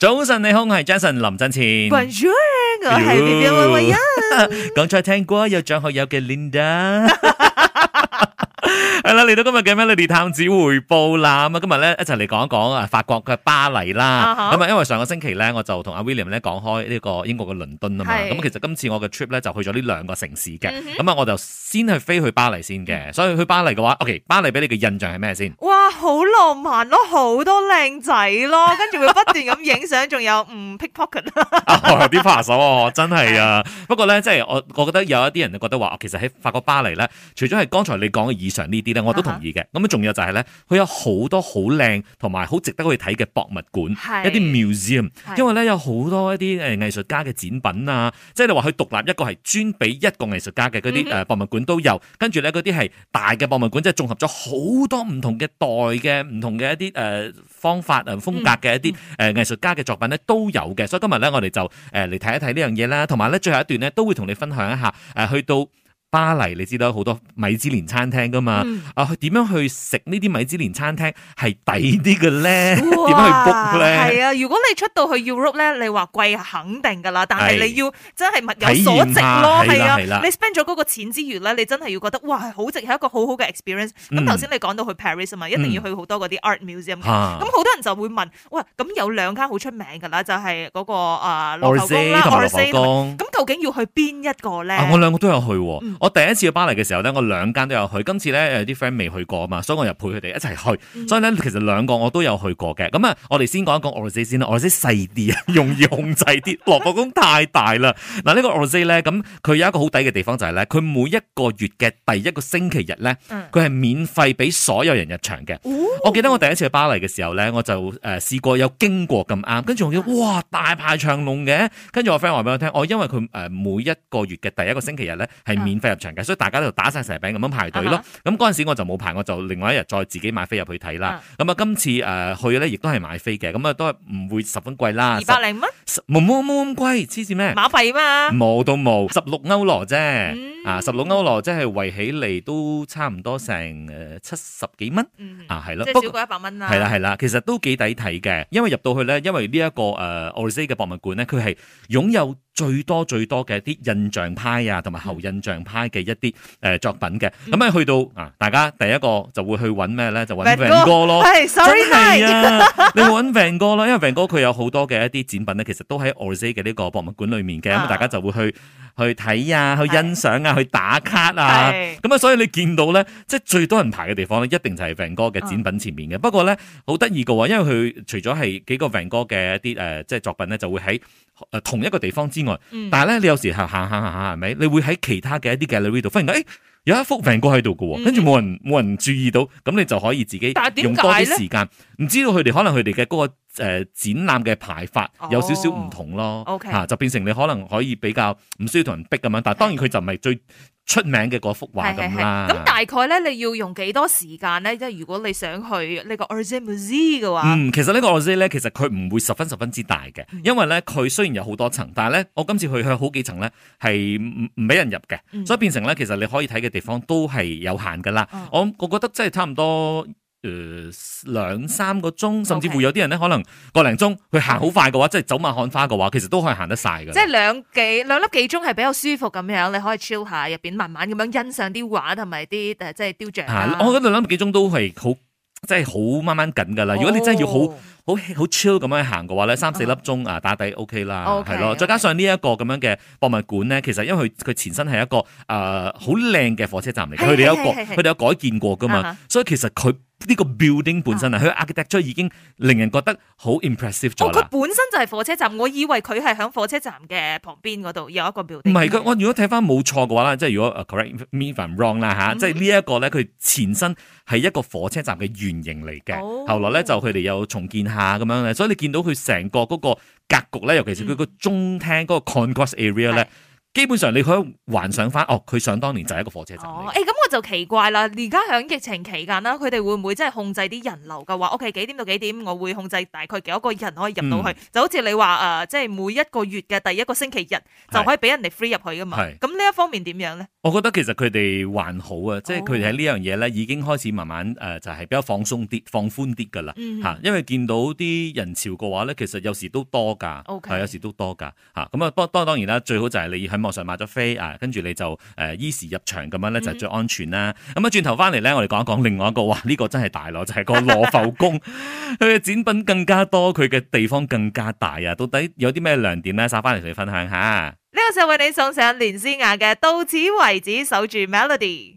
早晨，你好，我係 Jason 林振前。關 Sir，我係 B B 黃慧欣。剛才聽過有張學友嘅 Linda。嚟、啊、到今日嘅《Melody 探子》回報啦，咁啊，今日咧一齊嚟講一講啊，法國嘅巴黎啦。咁啊、uh，huh. 因為上個星期咧，我就同阿 William 咧講開呢個英國嘅倫敦啊嘛。咁 其實今次我嘅 trip 咧就去咗呢兩個城市嘅。咁啊、uh，huh. 我就先去飛去巴黎先嘅。 所以去巴黎嘅話，OK，巴黎俾你嘅印象係咩先？哇，好浪漫咯，好多靚仔咯，跟住會不斷咁影相，仲 有唔 pickpocket。有啲扒手啊，手哦、真係啊。 不過咧，即係我，我覺得有一啲人覺得話，其實喺法國巴黎咧，除咗係剛才你講嘅以上呢啲咧，我都同意嘅。咁啊，仲有就係咧，佢有好多好靚同埋好值得去睇嘅博物館，是一啲 museum 是。因為咧，有好多一啲誒藝術家嘅展品啊，即係你話佢獨立一個係專俾一個藝術家嘅嗰啲誒博物館都有。跟住咧，嗰啲係大嘅博物館，即係綜合咗好多唔同嘅代嘅唔同嘅一啲誒方法啊、風格嘅一啲誒藝術家嘅作品咧都有嘅。嗯、所以今日咧，我哋就誒嚟睇一睇呢樣嘢啦。同埋咧，最後一段咧，都會同你分享一下誒去到。巴黎，你知道好多米芝蓮餐廳噶嘛？啊，點樣去食呢啲米芝蓮餐廳係抵啲嘅咧？點去 book 咧？係啊，如果你出到去要 r o p e 咧，你話貴係肯定噶啦，但係你要真係物有所值咯，係啊，你 spend 咗嗰個錢之餘咧，你真係要覺得哇，好值，係一個好好嘅 experience。咁頭先你講到去 Paris 啊嘛，一定要去好多嗰啲 art museum。咁好多人就會問，喂，咁有兩間好出名噶啦，就係嗰個啊，盧浮，咁究竟要去邊一個咧？我兩個都有去。我第一次去巴黎嘅時候咧，我兩間都有去。今次咧誒啲 friend 未去過啊嘛，所以我又陪佢哋一齊去。所以咧其實兩個我都有去過嘅。咁、嗯、啊，嗯、我哋先講一講奧里斯先啦。奧里斯細啲啊，容易控制啲。羅浮宮太大啦。嗱、這個、呢個奧里斯咧，咁佢有一個好抵嘅地方就係、是、咧，佢每一個月嘅第一個星期日咧，佢係免費俾所有人入場嘅。嗯、我記得我第一次去巴黎嘅時候咧，我就誒試過有經過咁啱，跟住我見哇大排長龍嘅。跟住我 friend 話俾我聽，我因為佢誒每一個月嘅第一個星期日咧係免費。嗯嗯入場嘅，所以大家都打晒蛇餅咁樣排隊咯。咁嗰陣時我就冇排，我就另外一日再自己買飛入去睇啦。咁啊，今次誒去咧，亦都係買飛嘅，咁啊都唔會十分貴啦，二百零蚊，冇冇冇咁貴，黐線咩？馬費嘛，冇都冇，十六歐羅啫，啊，十六歐羅即係圍起嚟，都差唔多成誒七十幾蚊，啊係咯，即係少過一百蚊啦，係啦係啦，其實都幾抵睇嘅，因為入到去咧，因為呢一個誒奧里斯嘅博物館咧，佢係擁有最多最多嘅一啲印象派啊，同埋後印象派嘅一啲誒作品嘅，咁啊去到啊，大家第一個就會去揾咩咧？就揾梵哥咯，sorry 係啊，你揾梵哥咯，因為梵哥佢有好多嘅一啲展品咧，其實都喺奧賽嘅呢個博物館裏面嘅，咁大家就會去去睇啊，去欣賞啊，去打卡啊，咁啊所以你見到咧，即係最多人排嘅地方咧，一定就係梵哥嘅展品前面嘅。不過咧，好得意嘅喎，因為佢除咗係幾個梵哥嘅一啲誒即係作品咧，就會喺。誒，同一個地方之外，但係咧，你有時行行行行，係咪、嗯？你會喺其他嘅一啲嘅 gallery 度，忽然間誒、欸，有一幅畫喺度嘅，跟住冇人冇人注意到，咁你就可以自己用多啲時間，唔知道佢哋可能佢哋嘅嗰個。誒、呃、展覽嘅排法有少少唔同咯，嚇、oh, okay. 啊、就變成你可能可以比較唔需要同人逼咁樣，但係當然佢就唔係最出名嘅嗰幅畫咁啦。咁大概咧，你要用幾多時間咧？即係如果你想去呢個 Art Museum 嘅話，嗯，其實呢個 Art Museum 咧，其實佢唔會十分十分之大嘅，因為咧佢雖然有好多層，但係咧我今次去去好幾層咧係唔俾人入嘅，所以變成咧其實你可以睇嘅地方都係有限㗎喇。我我覺得真係差唔多。誒，兩三、uh, 個鐘，okay. 甚至乎有啲人咧，可能個零鐘，佢行好快嘅話，mm. 即係走馬看花嘅話，其實都可以行得晒嘅。即係兩幾兩粒幾鐘係比較舒服咁樣，你可以 chill 下，入邊慢慢咁樣欣賞啲畫同埋啲即係雕像、啊。啊、我覺得兩粒幾鐘都係好，即係好掹掹緊噶啦。哦、如果你真係要好好好 chill 咁樣行嘅話咧，三四粒鐘啊，打底 OK 啦，係、oh. 咯。Okay. 再加上呢一個咁樣嘅博物館咧，其實因為佢佢前身係一個誒好靚嘅火車站嚟，佢哋有改佢哋有改建過噶嘛，uh huh. 所以其實佢。呢個 building 本身啊，佢 architecture 已經令人覺得好 impressive 咗啦。佢、哦、本身就係火車站，我以為佢係喺火車站嘅旁邊嗰度有一個 building，唔係嘅，我如果睇翻冇錯嘅話啦，即係如果 correct me if I'm wrong 啦、啊、嚇，嗯、即係呢一個咧，佢前身係一個火車站嘅原型嚟嘅，哦、後來咧就佢哋又重建下咁樣，所以你見到佢成個嗰個格局咧，尤其是佢個中廳嗰個 concourse area 咧、嗯。基本上你可以幻想翻，哦，佢想當年就係一個火車站嚟。誒、哦，咁、欸、我就奇怪啦，而家響疫情期間啦，佢哋會唔會即係控制啲人流嘅話？OK，幾點到幾點？我會控制大概幾多個人可以入到去？嗯、就好似你話誒，即、呃、係、就是、每一個月嘅第一個星期日就可以俾人哋 free 是入去噶嘛？咁呢是一方面點樣咧？我覺得其實佢哋還好啊，即係佢哋喺呢樣嘢咧已經開始慢慢誒、呃，就係、是、比較放鬆啲、放寬啲噶啦吓。嗯、因為見到啲人潮嘅話咧，其實有時都多噶，係 Okay. 有時都多噶吓。咁、嗯、啊，當當然啦，最好就係你網上買咗飛啊，跟住你就誒依時入場咁樣咧就係最安全啦。咁啊轉頭翻嚟咧，我哋講一講另外一個哇，呢、這個真係大囉，就係、是、個羅浮宮。佢嘅展品更加多，佢嘅地方更加大啊！到底有啲咩亮點咧？晒翻嚟同你分享下。呢個就為你送上連詩雅嘅到此為止守，守住 Melody。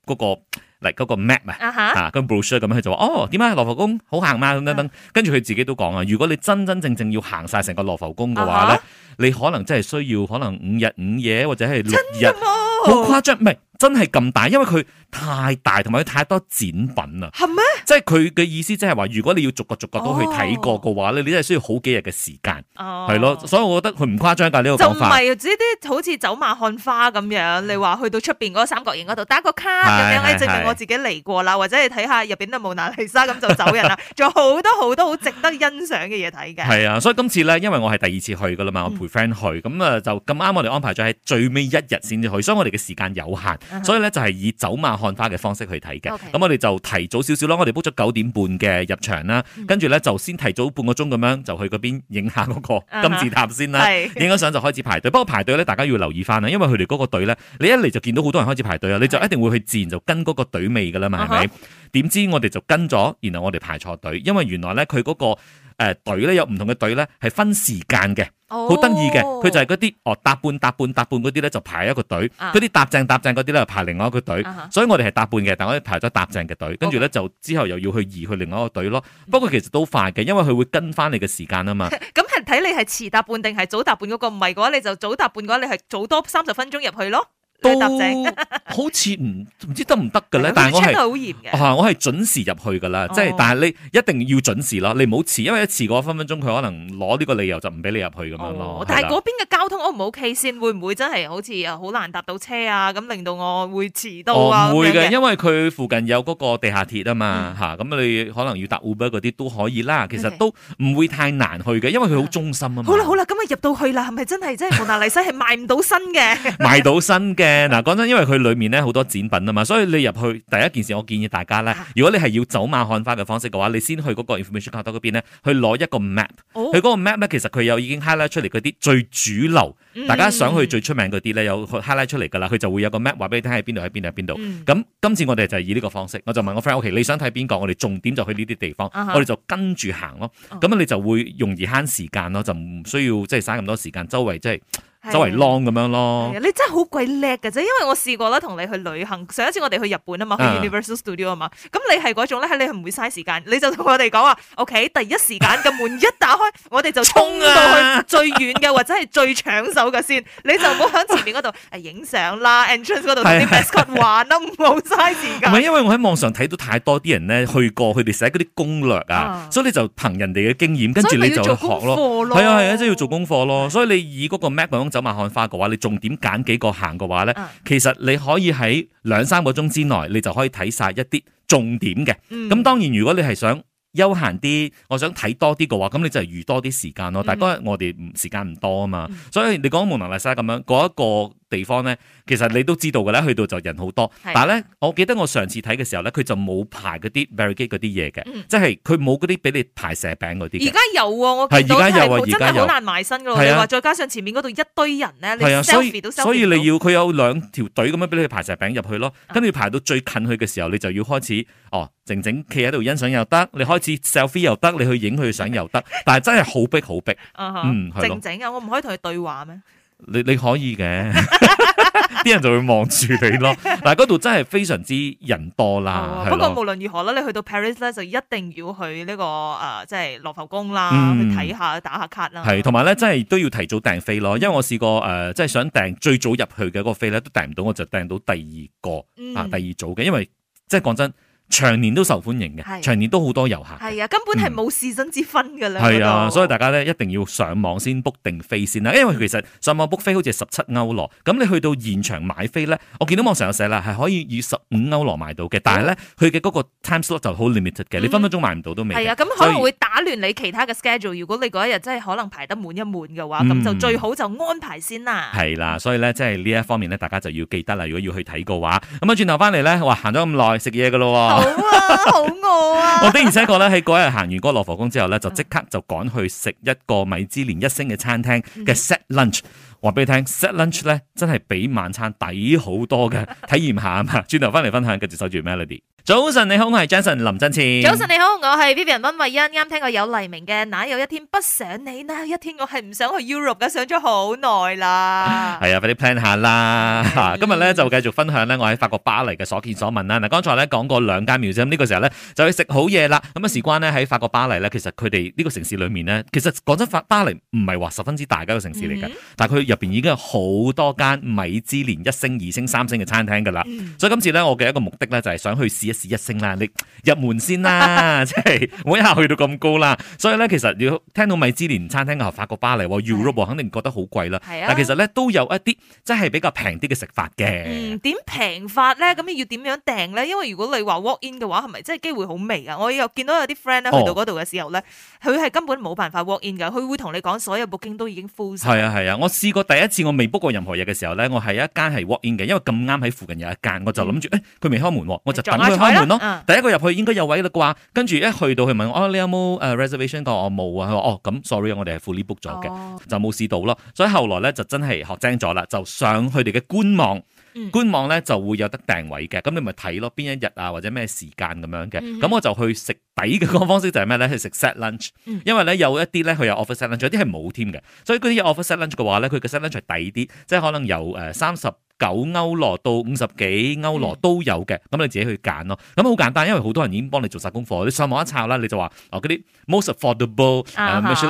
嗰、那個，嚟、那個 map 咪、uh，吓、huh. 啊，跟 brochure 咁樣，佢就話，哦，點解羅浮宮好行嘛、啊，等等，uh huh. 跟住佢自己都講啊，如果你真真正正要行晒成個羅浮宮嘅話咧，uh huh. 你可能真係需要可能五日五夜或者係六日，好誇張，唔係真係咁大，因為佢。太大同埋有太多展品啊！係咩？即係佢嘅意思，即係話如果你要逐個逐個都去睇過嘅話咧，你真係需要好幾日嘅時間，係咯。所以我覺得佢唔誇張噶呢個講法。就唔係，呢啲好似走馬看花咁樣。你話去到出邊嗰三角形嗰度打個卡咁樣，證明我自己嚟過啦。或者你睇下入邊都冇蒙娜麗莎咁就走人啦。仲有好多好多好值得欣賞嘅嘢睇嘅。係啊，所以今次咧，因為我係第二次去噶啦嘛，我陪 friend 去，咁啊就咁啱我哋安排咗喺最尾一日先至去，所以我哋嘅時間有限，所以咧就係以走馬。看花嘅方式去睇嘅，咁 Okay. 我哋就提早少少啦。我哋 book 咗九點半嘅入場啦，跟住、mm hmm. 呢，就先提早半個鐘咁樣就去嗰邊影下嗰個金字塔先啦。影咗相就開始排隊， 不過排隊呢，大家要留意翻啊，因為佢哋嗰個隊呢，你一嚟就見到好多人開始排隊啊，uh huh. 你就一定會去自然就跟嗰個隊尾噶啦嘛，係咪？點、uh huh. 知我哋就跟咗，然後我哋排錯隊，因為原來呢，佢嗰、嗰個。誒隊咧有唔同嘅隊咧係分時間嘅，好得意嘅。佢就係嗰啲哦搭半搭半搭半嗰啲咧就排一個隊，嗰啲搭正搭正嗰啲咧排另外一個隊。啊、哈所以我哋係搭半嘅，但我哋排咗搭正嘅隊，跟住咧 Okay. 就之後又要去移去另外一個隊咯。不過其實都快嘅，因為佢會跟翻你嘅時間啊嘛。咁係睇你係遲搭半定係早搭半嗰個，唔係嘅話你就早搭半嘅話你係早多三十分鐘入去咯。都好似唔唔知得唔得嘅咧，但係我係，吓我係準時入去噶啦，即係但係你一定要準時啦，你唔好遲，因為一遲過分分鐘佢可能攞呢個理由就唔俾你入去咁樣咯。哦、了但係嗰邊嘅。通我唔 OK 先，會唔會真係好似好難搭到車啊？咁令到我會遲到啊？唔、哦、會嘅，因為佢附近有嗰個地下鐵啊嘛，嚇咁你可能要搭 Uber 嗰啲都可以啦。okay. 其實都唔會太難去嘅，因為佢好中心啊、嗯。好啦好啦，咁啊入到去啦，係咪真係即係蒙娜麗莎係賣唔到新嘅？賣到新嘅嗱，講、 嗯、真，因為佢裡面咧好多展品啊嘛，所以你入去第一件事，我建議大家咧，如果你係要走馬看花嘅方式嘅話，你先去嗰個 information card 度嗰邊咧，去攞一個 map。佢嗰、哦、個 map 咧，其實佢又已經 highlight 出嚟嗰啲最主流。哦、大家想去最名、mm hmm. 出名嗰啲咧，有 highlight 出嚟噶啦，佢就會有個 map 話俾你聽喺邊度喺邊度喺邊度。咁、mm hmm. 今次我哋就以呢個方式，我就問我 friend，ok，你想睇邊個？我哋重點就去呢啲地方，uh huh. 我哋就跟住行咯。咁、uh huh. 你就會容易慳時間咯，就唔需要即係省咁多時間周圍即係。周圍 long 咁樣咯，你真係好鬼叻嘅啫，因為我試過啦，同你去旅行，上一次我哋去日本啊嘛，去 Universal Studio 啊嘛，咁你係嗰種咧，你唔會嘥時間，你就同我哋講啊，OK，第一時間嘅門一打開，我哋就衝到去最遠嘅或者係最搶手嘅先，你就唔好響前面嗰度影相啦，entrance 嗰度同啲 mascot 玩啦，唔好嘥時間。唔係，因為我喺網上睇到太多啲人咧去過，佢哋寫嗰啲攻略啊，所以你就憑人哋嘅經驗，跟住你就學咯，係啊係啊，即係要做功課咯，所以你以嗰個 Mac。 走馬看花嘅話，你重點揀幾個行嘅話咧，uh, 其實你可以喺兩三個鐘之內，你就可以睇晒一啲重點嘅。咁、嗯、當然，如果你係想休閒啲，我想睇多啲嘅話，咁你就係預多啲時間咯。但係今日我哋時間唔多啊嘛，嗯、所以你講蒙娜麗莎咁樣，嗰一個。地方咧，其實你都知道嘅啦，去到就人好多。但係咧，我記得我上次睇嘅時候咧，佢就冇排嗰啲 barrier 嗰啲嘢嘅，即係佢冇嗰啲俾你排蛇餅嗰啲。而家有我見到，而家有而家好難埋身嘅喎，係啊！再加上前面嗰度一堆人咧，你 selfie 都 selfie 唔到。所以你要佢有兩條隊咁樣俾你排蛇餅入去咯，跟住排到最近去嘅時候，你就要開始哦，靜靜企喺度欣賞又得，你開始 selfie 又得，你去影佢相又得，但係真係好逼好逼。嗯，靜靜啊，我唔可以同佢對話咩？你你可以嘅，啲人就會望住你咯。嗱，嗰度真係非常之人多啦，嗯。不過無論如何啦，你去到 Paris 咧，就一定要去呢，這個誒、呃，即係羅浮宮啦，去睇下打下卡 a 啦。係，同埋咧，真係都要提早訂飛咯。因為我試過誒，即、呃、係想訂最早入去嘅嗰個飛咧，都訂唔到，我就訂到第二個，嗯、啊，第二組嘅。因為即係講真，真。長年都受歡迎嘅，長年都好多遊客。係啊，根本係冇時薪之分㗎啦。係啊，所以大家咧一定要上網先 book 定飛先啦。因為其實上網 book 飛好似十七歐羅，咁你去到現場買飛咧，我見到網上有寫啦，係可以以十五歐羅買到嘅。但係咧，佢嘅嗰個 time slot 就好 limited 嘅，你分分鐘買唔到都未？係啊，咁可能會打亂你其他嘅 schedule。如果你嗰一日真係可能排得滿一滿嘅話，咁就最好就安排先啦。係啦，所以咧，即係呢一方面咧，大家就要記得啦。如果要去睇嘅話，咁啊轉頭返嚟咧，哇，行咗咁耐，食嘢㗎咯。 好啊，好餓啊！ 我的而且確咧喺嗰日行完嗰個羅浮宮之後咧，就即刻就趕去食一個米芝蓮一星嘅餐廳嘅 set lunch。話俾你聽 set lunch 咧，真係比晚餐抵好多嘅， 體驗下啊嘛！轉頭翻嚟分享，繼續守住 Melody。早晨，你好，我係 Jason 林振次。早晨，你好，我係 Vivian 温慧欣。啱聽過有黎明嘅，哪有一天不想你呢？一天我係唔想去 Europe 嘅，想咗好耐啦。係啊，快啲 plan 下啦。今日咧就繼續分享咧，我喺法國巴黎嘅所見所聞啦。嗱，剛才咧講過兩間繆斯，咁呢個時候咧就去食好嘢啦。咁啊，事關呢，喺法國巴黎咧，其實佢哋呢個城市裏面呢，其實講真法巴黎唔係話十分之大嘅一個城市嚟噶，但係佢入邊已經有好多間米芝蓮一星、二星、三星嘅餐廳噶啦。所以今次咧，我嘅一個目的咧就係想去試。你一聲一聲啦，你入門先啦，即係冇一下去到咁高啦。所以咧，其實要聽到米芝蓮餐廳嘅法國巴黎 Europe，的肯定覺得好貴啦。的但其實咧都有一啲真係比較平啲嘅食法嘅。嗯，點平法咧？咁要點樣訂咧？因為如果你話 walk in 嘅話，係咪真係機會好微啊？我又見到有啲 friend 咧去到嗰度嘅時候咧，佢係、哦、根本冇辦法 walk in 嘅。佢會同你講所有 booking 都已經 full 的。係啊係啊，我試過第一次我未 book 過任何嘢嘅時候咧，我係一間係 walk in 嘅，因為咁啱喺附近有一間，我就諗住誒佢未開門，我就等開門咯，嗯、第一個入去應該有位啦啩，跟住一去到佢問我，哦，你有冇誒 reservation？我話我冇啊，佢話哦，咁 sorry，我哋係 fully book 咗嘅，哦、就冇試到咯。所以後來咧就真係學精咗啦，就上佢哋嘅官網，嗯、官網咧就會有得訂位嘅。咁你咪睇咯，邊一日啊或者咩時間咁樣嘅。咁、嗯嗯、我就去食抵嘅嗰個方式就係咩咧？去食 set lunch，嗯、因為咧有一啲咧佢有 offer set lunch，有啲係冇添嘅。所以嗰啲 offer set lunch 嘅話咧，佢嘅 set lunch 係抵啲，即係可能有誒三十九歐羅到五十幾歐羅都有嘅，咁你自己去揀咯。咁好簡單，因為好多人已經幫你做晒功課，你上網一查啦，你就話哦嗰啲 most affordable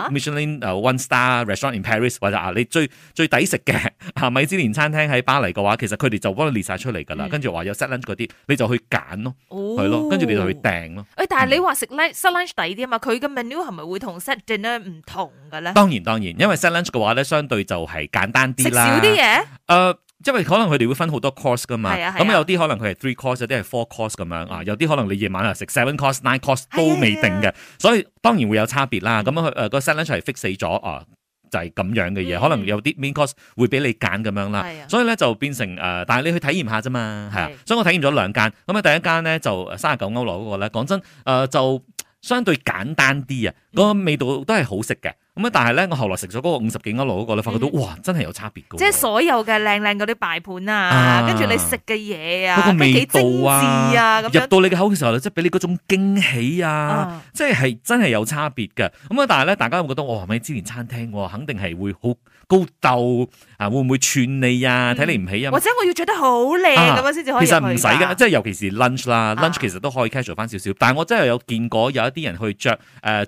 Michelin one star restaurant in Paris 或者啊，你最最抵食嘅啊米芝蓮餐廳喺巴黎嘅話，其實佢哋就幫你列晒出嚟噶啦，跟住話有 set lunch 嗰啲，你就去揀咯，係咯，跟住你就去訂咯。誒，但係你話食 set lunch 抵啲啊嘛，佢嘅 menu 係咪會同 set dinner 唔同嘅咧？當然當然，因為 set lunch 嘅話咧，相對就係簡單啲啦，食少啲嘢。誒。因為可能佢哋會分好多 course 噶嘛，咁、啊啊嗯、有啲可能佢係 three course，有啲係 four course 咁樣啊，有啲可能你夜晚啊食 seven course、nine course 都未定嘅，啊啊、所以當然會有差別啦。咁、嗯、樣佢誒個 selection fix 死咗啊，就係咁樣嘅嘢。嗯、可能有啲 main course 會俾你揀咁樣啦。啊、所以咧就變成誒、呃，但係你去體驗下啫嘛，係啊。啊所以我體驗咗兩間，咁、嗯、啊第一間咧就三十九歐羅嗰個咧，講真誒、呃、就相對簡單啲啊，個味道都係好食嘅。咁啊！但係咧，我後來食咗嗰個五十幾歐羅嗰個咧，發覺到哇，真係有差別嘅。即係所有嘅靚靚嗰啲擺盤啊，跟住你食嘅嘢啊，嗰個味道啊，入到你嘅口嘅時候即係俾你嗰種驚喜啊，即係係真係有差別嘅。咁啊！但係咧，大家會覺得我哇，米芝蓮餐廳哇，肯定係會好高竇啊，會唔會串你啊？睇你唔起啊？或者我要着得好靚咁樣先至可以。其實唔使嘅，即係尤其是 lunch 啦，lunch 其實都可以 casual 返少少。但係我真係有見過有一啲人去着誒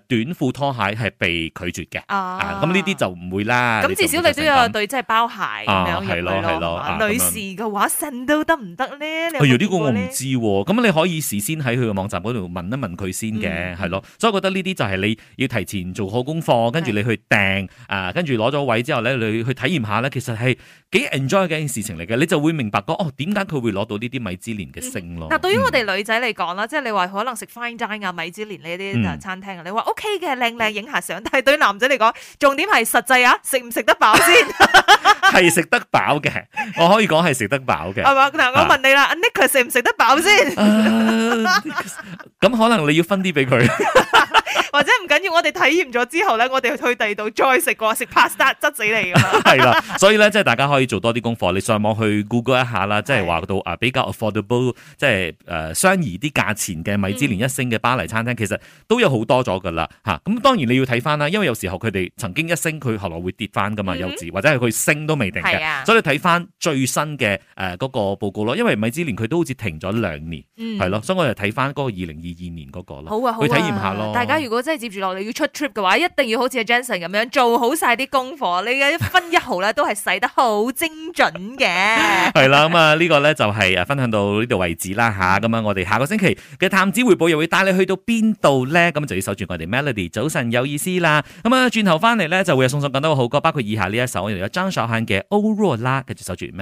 短褲拖鞋係被拒絕。啊！咁呢啲就唔會啦。咁至少你都有對即係包鞋咁樣嘢咯。女士嘅話，剩都得唔得咧？譬如呢個我唔知喎。咁你可以事先喺佢嘅網站嗰度問一問佢先嘅，係咯。所以我覺得呢啲就係你要提前做好功課，跟住你去訂啊，跟住攞咗位之後咧，你去體驗下咧，其實係幾 enjoy 嘅件事情嚟嘅，你就會明白講，哦，點解佢會攞到呢啲米芝蓮嘅星咯。嗱，對於我哋女仔嚟講啦，即係你話可能食 fine dine 啊、米芝蓮呢啲餐廳啊，你話 O K 嘅靚靚影下相，但係對男佢講，重點係實際啊，食唔食得飽先？係 食 得飽嘅，我可以講係食得飽嘅，係嘛？嗱，我問你啦，Nicholas 食唔食得飽先？咁可能你要分啲俾佢。或者唔緊要，我哋體驗咗之後咧，我哋去第二度再食過食 pasta，窒死你㗎。係啦 所以咧即係大家可以做多啲功課，你上網去 Google 一下啦，即係話到啊比較 affordable，即、就、係、是、誒相、呃、宜啲價錢嘅米芝蓮一星嘅巴黎餐廳，其實都有好多咗㗎啦嚇。咁、啊、當然你要睇翻啦，因為有時候佢哋曾經一星，佢後來會跌翻㗎嘛，有時、嗯、或者係佢升都未定嘅。啊、所以睇翻最新嘅誒嗰個報告咯，因為米芝蓮佢都好似停咗兩年，係、嗯、咯，所以我哋睇翻嗰個二零二二年嗰、那個咯，好啊、去體驗下咯。大家如果即係接住落嚟要出 trip 嘅話，一定要好似阿 Jentzen 咁樣做好晒啲功課，你嘅一分一毫咧都係使得好精準嘅。係啦， 咁啊呢個咧就係啊分享到呢度為止啦吓，咁啊我哋下個星期嘅探子回報又會帶你去到邊度咧？咁就要守住我哋 Melody，早晨有意思啦。咁啊轉頭翻嚟咧就會有送上更多嘅好歌，包括以下呢一首由張韶涵嘅《歐若拉》，繼續守住 Melody。